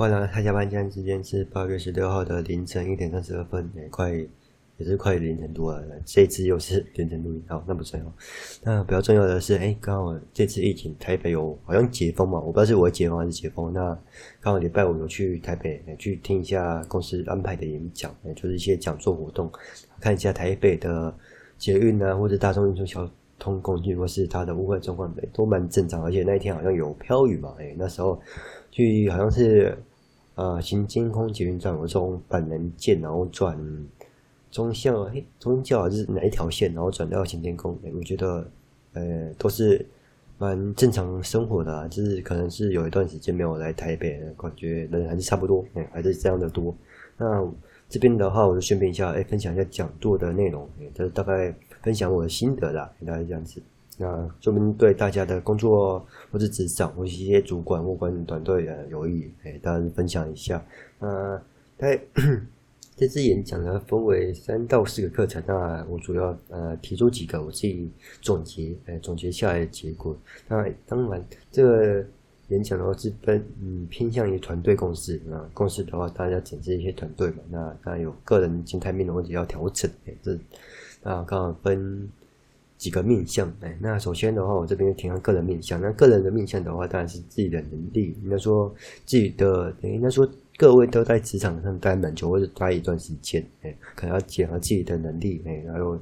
好、啊、了，他下班，現時間是八月十六號的凌晨一點三十二分，也、欸、快，也是快凌晨多了。這次又是凌晨錄音，好，那不重要。那比較重要的是，哎、欸，剛好這次疫情，台北有好像解封嘛，我不知道是我解封還是解封。那剛好禮拜五有去台北、欸、去聽一下公司安排的演講，哎、欸，就是一些講座活動，看一下台北的捷運啊，或者大眾運輸交通工具或是它的戶外狀況，都蠻正常。而且那一天好像有飄雨嘛，哎、欸，那時候去好像是。啊、呃，行天宮捷運站，我從板南線，然後轉中線，哎，中還是哪一條線？然後轉到行天宮，哎、欸，我覺得，呃、欸，都是蠻正常生活的，就是可能是有一段時間沒有來台北，感覺人還是差不多，哎、欸，還是這樣的多。那這邊的話，我就順便一下，哎、欸，分享一下講座的內容，哎、欸，就是、大概分享我的心得啦，大概是這樣子。那說明對大家的工作或者職場或者一些主管或管理團隊的有益，哎，大家分享一下。那在這次演講呢，分為三到四個課程。那我主要呃提出幾個我自己總結，哎，總結下來的結果。當然當然這個演講的話是分嗯偏向於團隊共識啊，共識的話大家整治一些團隊嘛。那當然有個人心態面的問題要調整，誒這那剛好分。幾個面向，誒那首先的話，我這邊提供個人面向。那個人的面向的話，當然是自己的能力。應該說自己的，哎，應該說各位都在職場上待蠻久，或者待一段時間，誒可能要結合自己的能力，誒然後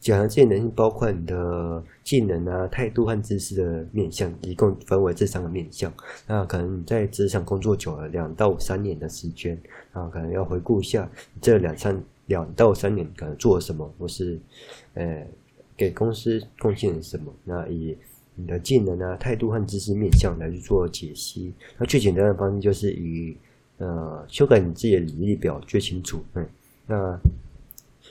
結合自己的能力，包括你的技能啊、態度和知識的面向，一共分為這三個面向。那可能你在職場工作久了，兩到三年的時間，啊，可能要回顧一下這兩三兩到三年可能做了什麼，或是，誒給公司貢獻什麼？那以你的技能啊、態度和知識面向來去做解析。那最簡單的方式就是以呃修改你自己的履歷表最清楚。嗯，那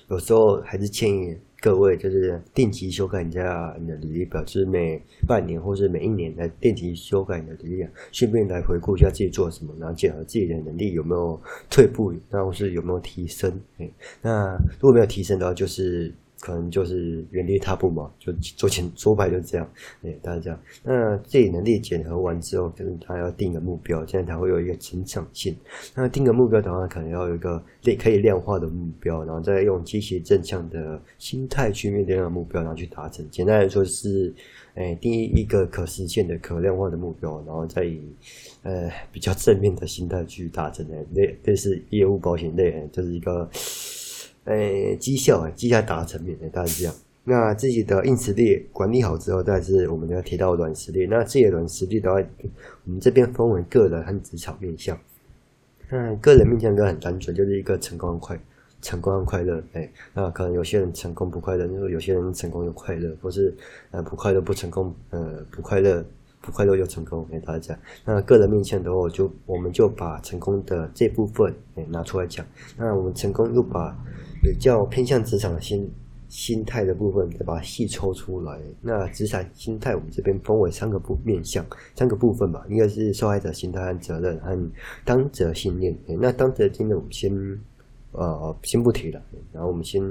有時候還是建議各位就是定期修改一下你的履歷表，就是每半年或是每一年來定期修改你的履歷表，順便來回顧一下自己做什麼，然後檢核自己的能力有沒有退步，然後是有沒有提升。嗯，那如果沒有提升的話，就是。可能就是原地踏步嘛，就做前做牌就是這樣，誒，大家。那自己能力檢核完之後，就是他要定個目標，這樣才會有一個成長性。那定個目標的話，可能要有一個可以量化的目標，然後再用積極正向的心態去面對那個目標，然後去達成。簡單來說是，誒，定一個可實現的、可量化的目標，然後再以呃比較正面的心態去達成。誒，類這是業務保險類，就是一個。誒、哎，績效啊，績效達成面的，哎，大家講。那自己的硬實力管理好之後，但是我們要提到軟實力。那這些軟實力的話，我們這邊分為個人和職場面向。那個人面向就很單純，就是一個成功快，成功快樂誒、哎。那可能有些人成功不快樂，就是有些人成功又快樂，或是呃不快樂不成功，呃不快樂不快樂又成功。給、哎、大家，那個人面向的話，我就我們就把成功的這部分誒、哎、拿出來講。那我們成功又把比較偏向職場心心態的部分，再把它細抽出來。那職場心態，我們這邊分為三個部面向，三個部分吧。一個是受害者心態和責任，和當責信念。那當責信念我們先，呃，先不提了。然後我們先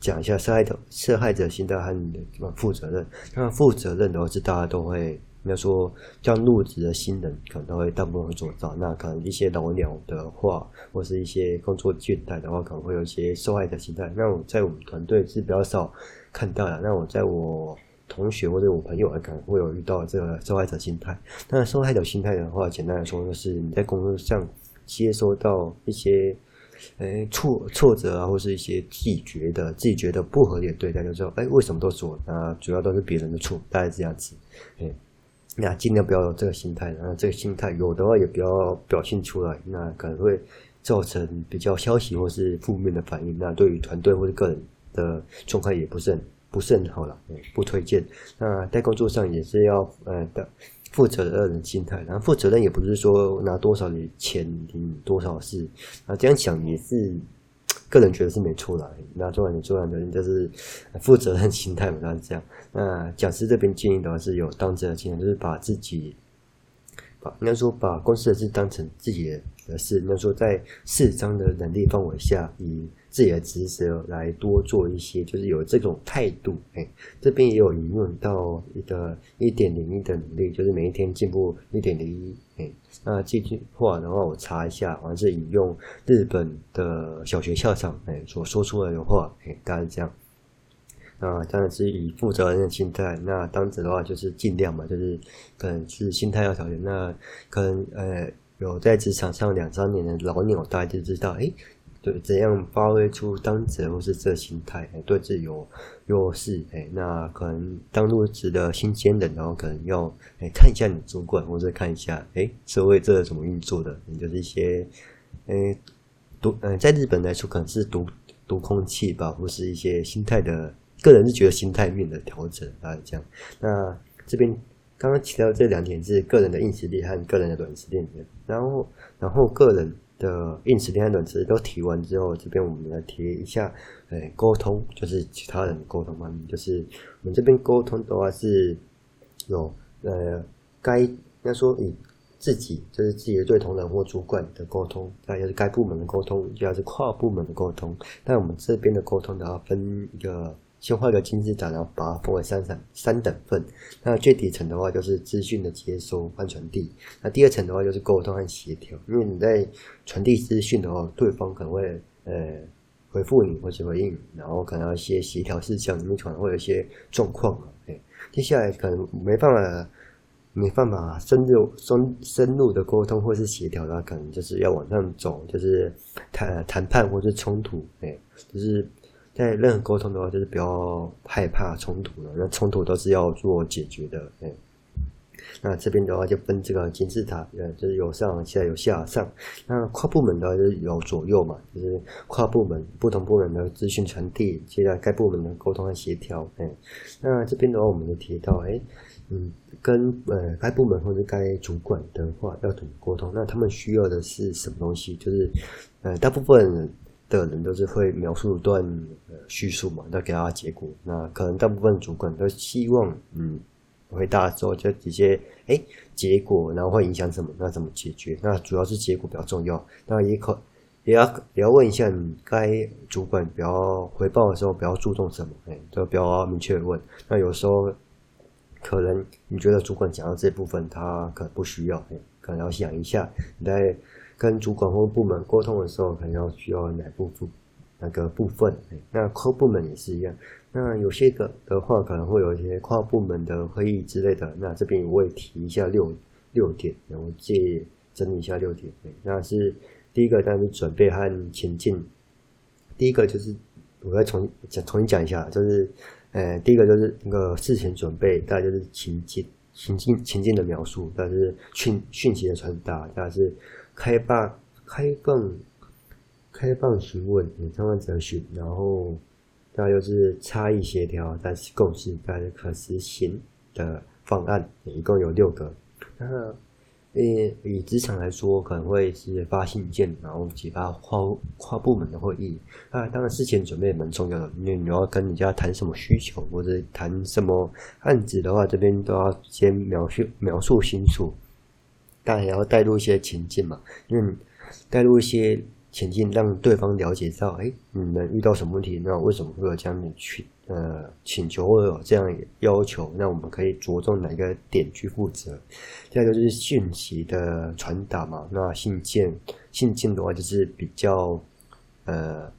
講一下受害者受害者心態和負責任。那負責任的話是大家都會。該說像入職的新人可能都會大部分所造，那可能一些老鳥的話，或是一些工作倦怠的話，可能會有一些受害者心態。那我在我們團隊是比較少看到的。那我在我同學或者我朋友，還可能會有遇到這個受害者心態。那受害者心態的話，簡單來說就是你在工作上接收到一些，哎挫挫折啊，或是一些自己覺得自己覺得不合理的對待就知道，就說哎為什麼都是我，那主要都是別人的錯，大概是這樣子，哎。那儘量不要有這個心態，然後這個心態有的話也不要表現出來，那可能會造成比較消極或是負面的反應，那對於團隊或者個人的狀態也不是很，不是很好了，不推薦。那在工作上也是要呃的負責任的心態，然後負責任也不是說拿多少錢頂多少事，那這樣想也是。個人覺得是沒出來，那做完你做完的人就是負責任心態嘛，它是這樣。那講師這邊建議的話是有當責精神，就是把自己把應該說把公司的事當成自己的事，應該說在適當的能力範圍下以。自己的職責來多做一些，就是有這種態度。哎，這邊也有引用到一個一點零一的努力，就是每一天進步一點零一。哎，那這句話的話，我查一下，好像是引用日本的小學校長哎所說出來的話。哎，大概是這樣。啊，當然是以負責任的心態。那當時的話，就是儘量嘛，就是可能是心態要調整。那可能呃，有在職場上兩三年的老鳥，大家就知道誒對，怎樣發揮出當前或是這心態？對自己有弱勢誒，那可能當入職的新鮮人，然後可能要看一下你主管，或者看一下哎周圍這怎麼運作的，你就是一些誒讀嗯，在日本來說可能是讀讀空氣吧，或是一些心態的，個人是覺得心態面的調整啊這樣。那這邊剛剛提到這兩點是個人的硬實力和個人的軟實力，然後然後個人。的硬實力和軟實力都提完之後，這邊我們來提一下，呃、欸，溝通，就是其他人的溝通方面，就是我們這邊溝通的話是，有呃，該要說以自己，就是自己的對同仁或主管的溝通，那就是該部門的溝通，就要是跨部門的溝通，但我們這邊的溝通的話分一個。先畫個金字塔，然後把它分為三三三等份。那最底層的話就是資訊的接收和傳遞。那第二層的話就是溝通和協調。因為你在傳遞資訊的話，對方可能會呃回復你或是回應，然後可能要一些協調事項，裡面可能會有一些狀況。誒接下來可能沒辦法沒辦法深入深深入的溝通或是協調的話，可能就是要往上走，就是談談判或是衝突。哎，就是。在任何溝通的話，就是不要害怕衝突了，那衝突都是要做解決的。誒那這邊的話就分這個金字塔，呃，就是由上往下，由下往上。那跨部門的話就是有左右嘛，就是跨部門、不同部門的資訊傳遞，接下來該部門的溝通和協調。誒那這邊的話，我們就提到，誒嗯，跟呃該部門或者該主管的話要怎麼溝通？那他們需要的是什麼東西？就是呃，大部分。的人都是會描述一段敘述嘛，那給他結果。那可能大部分主管都希望，嗯，回答的時候就直接，誒、欸、結果，然後會影響什麼，那怎麼解決？那主要是結果比較重要。那也可也要也要問一下，你該主管比較回報的時候，比較注重什麼？誒、欸，都比較明確的問。那有時候可能你覺得主管講到這部分他可能不需要，誒、欸，可能要想一下你在。跟主管或部門溝通的時候，可能要需要哪部分？哪個部分，那跨部門也是一樣。那有些的的話，可能會有一些跨部門的會議之類的。那這邊我也提一下六六點，我記得整理一下六點。那是第一個，當然是準備和前進。第一個就是，我再重重新講一下，就是呃、哎，第一個就是那個事前準備，大家就是情境情境情境的描述，但是訊訊息的傳達，但是。開放、開放、開放詢問，你千萬只能詢。然後，大家就是差異協調，但是共識，但是可實行的方案，一共有六個。然後呃以職場來說，可能會是發信件，然後舉辦跨跨部門的會議。啊，當然，事前準備也蠻重要的，因為你要跟人家談什麼需求，或者談什麼案子的話，這邊都要先描述描述清楚。但也要帶入一些情境嘛，因為帶入一些情境，讓對方了解到，哎，你們遇到什麼問題？那為什麼會有這樣的去呃請求或有這樣要求？那我們可以着重哪一個點去負責？第二個就是訊息的傳達嘛。那信件，信件的話就是比較呃，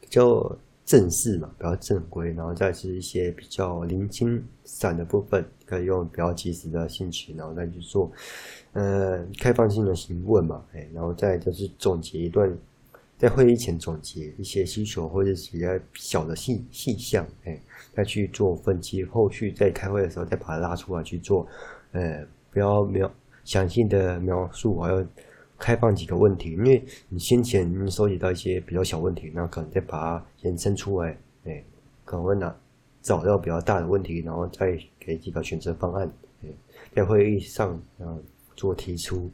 比較。正式嘛，比較正規，然後再是一些比較零星散的部分，可以用比較及時的興趣，然後再去做，呃，開放性的詢問嘛，哎，然後再就是總結一段，在會議前總結一些需求或者是比較小的細細項，哎，再去做分析，後續在開會的時候再把它拉出來去做，呃，不要描，詳細的描述，還有。開放幾個問題，因為你先前收集到一些比較小問題，那可能再把它延伸出來，可能找到比較大的問題，然後再給幾個選擇方案，在會議上、嗯、做提出。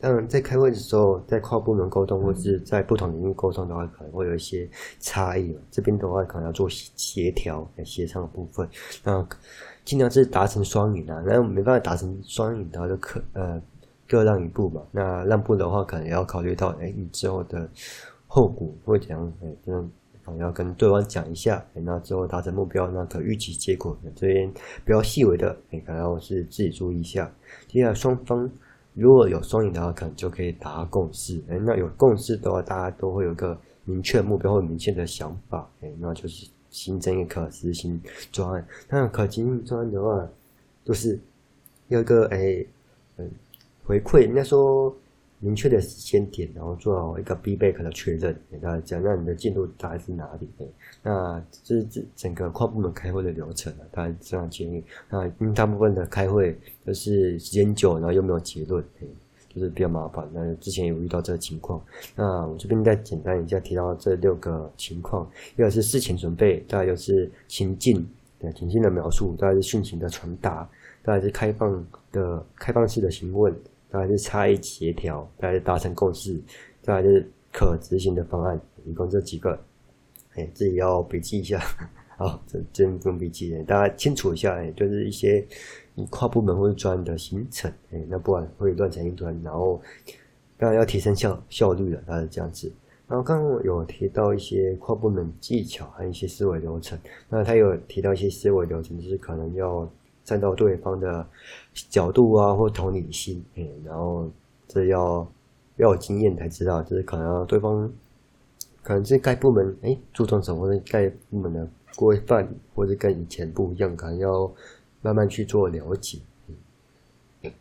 當然，在開會的時候，在跨部門溝通或者是在不同領域溝通的話，可能會有一些差異，這邊的話可能要做協調、嗯、協商的部分，那盡量是達成雙贏啊，那沒辦法達成雙贏的話，就可呃。各讓一步嘛，那讓步的話，可能也要考慮到，哎、欸，你之後的後果會怎樣？哎、欸，可能、啊、要跟對方講一下。哎、欸，那之後達成目標，那可預期結果。這邊比較細微的，哎、欸，可能我是自己注意一下。接下來雙方如果有雙贏的話，可能就可以達成共識。哎、欸，那有共識的話，大家都會有一個明確目標或明確的想法。哎、欸，那就是新增一個可執行專案。那可執行專案的話，就是有一個哎。欸回饋那時說明確的時間點，然後做好一個必備 b a c k 的確認，給大家講，下你的進度大概是哪裡？誒那這這、就是、整個跨部門開會的流程，大家這樣建議。那因為大部分的開會都是時間久，然後又沒有結論，誒就是比較麻煩。那之前也有遇到這個情況，那我這邊再簡單一下提到這六個情況：一個是事前準備，再又是情境，對情境的描述，大概是訊息的傳達，大概是開放的開放式的詢問。再來就是差異協調，再來就是達成共識，再來就是可執行的方案，一共這幾個，哎、欸，自己要筆記一下啊，這真不用筆記，大家清楚一下，欸，就是一些跨部門或者專的行程，哎、欸，那不然會亂成一團，然後當然要提升效效率的，它是這樣子。然後剛剛有提到一些跨部門技巧，還有一些思維流程，那他有提到一些思維流程，就是可能要。站到對方的角度啊，或同理心，欸、然後這要要有經驗才知道，就是可能對方，可能是該部門哎注重什麼，那、欸、該部門的規範或者跟以前不一樣，可能要慢慢去做了解，嗯，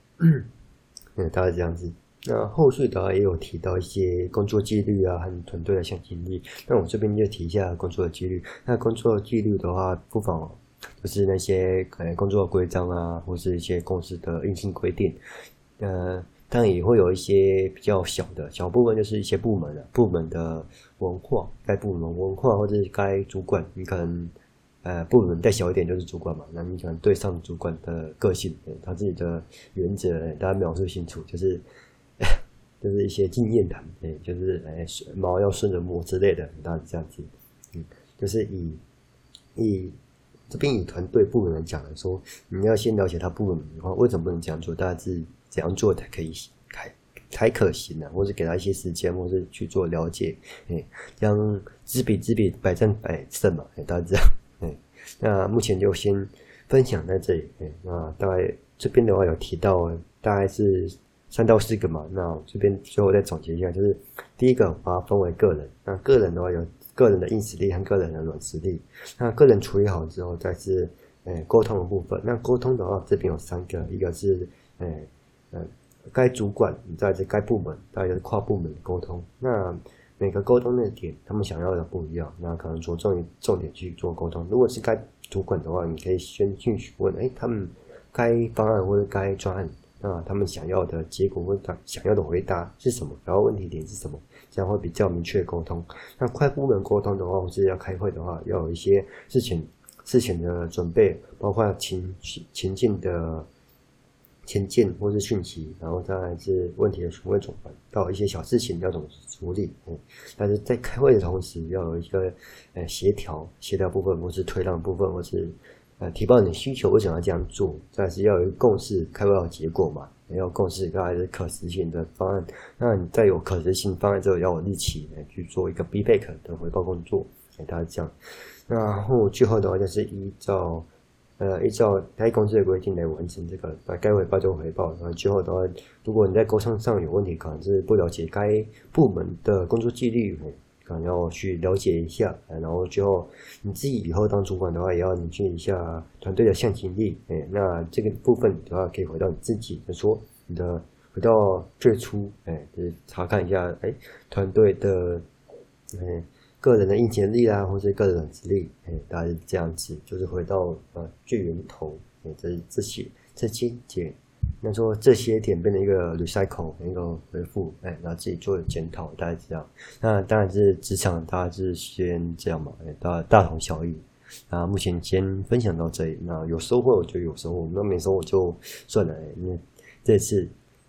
嗯大概這樣子。那後續的話也有提到一些工作紀律啊，還有團隊的向心力。那我這邊就提一下工作的紀律。那工作的紀律的話，不妨。就是那些可能工作規章啊，或是一些公司的硬性規定，呃，但也會有一些比較小的小部分，就是一些部門的、啊、部門的文化，該部門文化，或者是該主管，你可能呃部門再小一點就是主管嘛，那你可能對上主管的個性，呃、他自己的原則、呃，大家描述清楚，就是就是一些經驗談、呃，就是哎、呃、毛要順着摸之類的，大家這樣子，嗯，就是以以。這邊以團隊部門來講來說，你要先了解他部門的話，為什麼不能這樣做？大家是怎樣做才可以開才,才可行呢、啊？或是給他一些時間，或是去做了解，將知彼知彼，子比子比百戰百勝嘛，哎、大家這樣、哎。那目前就先分享在這裡，哎、那大概這邊的話有提到，大概是三到四個嘛，那我這邊最後再總結一下，就是第一個把它分為個人，那個人的話有。個人的硬實力和個人的軟實力，那個人處理好之後，再是誒溝、欸、通的部分。那溝通的話，這邊有三個，一個是誒該、欸呃、主管，你在這該部門，大家跨部門溝通。那每個溝通的點，他們想要的不一樣，那可能着重於重點去做溝通。如果是該主管的話，你可以先進去問，哎、欸，他們該方案或者該專案。那他們想要的結果，問他想要的回答是什麼？然後問題點是什麼？這樣會比較明確溝通。那跨部門溝通的話，或是要開會的話，要有一些事情事情的準備，包括情情境的情境，或是訊息，然後再來是問題的詢問部分，到一些小事情要怎麼處理、嗯。但是在開會的同時，要有一個呃協調協調部分，或是推讓部分，或是。呃，提報你的需求，為什麼要這樣做？但是要有一個共識，開不了結果嘛？要共識，它還是可實現的方案。那你在有可實行性方案之後要有，要一起來去做一個 feedback 的回報工作，給大家講。然後最後的話就是依照，呃，依照該公司的規定來完成這個，該回報就回報。然後最後的話，如果你在溝通上有問題，可能是不了解該部門的工作紀律。然後去了解一下，然後最後你自己以後當主管的話，也要凝聚一下團隊的向心力。哎，那這個部分的話可以回到你自己，就說你的回到最初，哎，就是查看一下，哎，團隊的，哎，個人的硬實力啊，或者個人能力，哎，大概是這樣子，就是回到啊最源頭，哎，這、就是這些這幾解那說這些點變成一個 recycle，一個回復，哎，然後自己做檢討，大家知道。那當然是職場，大家是先這樣嘛，哎，大大同小異。然、啊、後目前先分享到這裡。那有收穫，我就有收穫，那沒收穫我就算了、哎。因為這次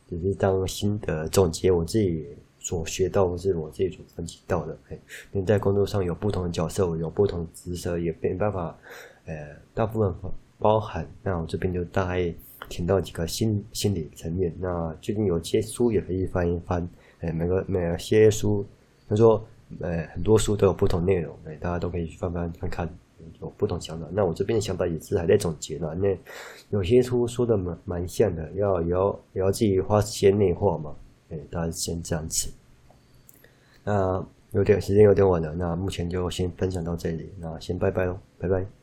只是當心得總結，我自己所學到或是我自己所分析到的。哎，因為在工作上有不同的角色，有不同的職責，也沒辦法，呃、哎，大部分。包含，那我這邊就大概聽到幾個心心理層面。那最近有些書也可以翻一翻，欸、每個每些書，他說、欸，很多書都有不同內容，哎、欸，大家都可以翻翻看看，有不同想法。那我這邊的想法也是還在總結的，那有些書說的蠻蠻像的，要要要自己花時間內化嘛。哎、欸，大家先這樣子。那有點時間有點晚了，那目前就先分享到這裡，那先拜拜嘍，拜拜。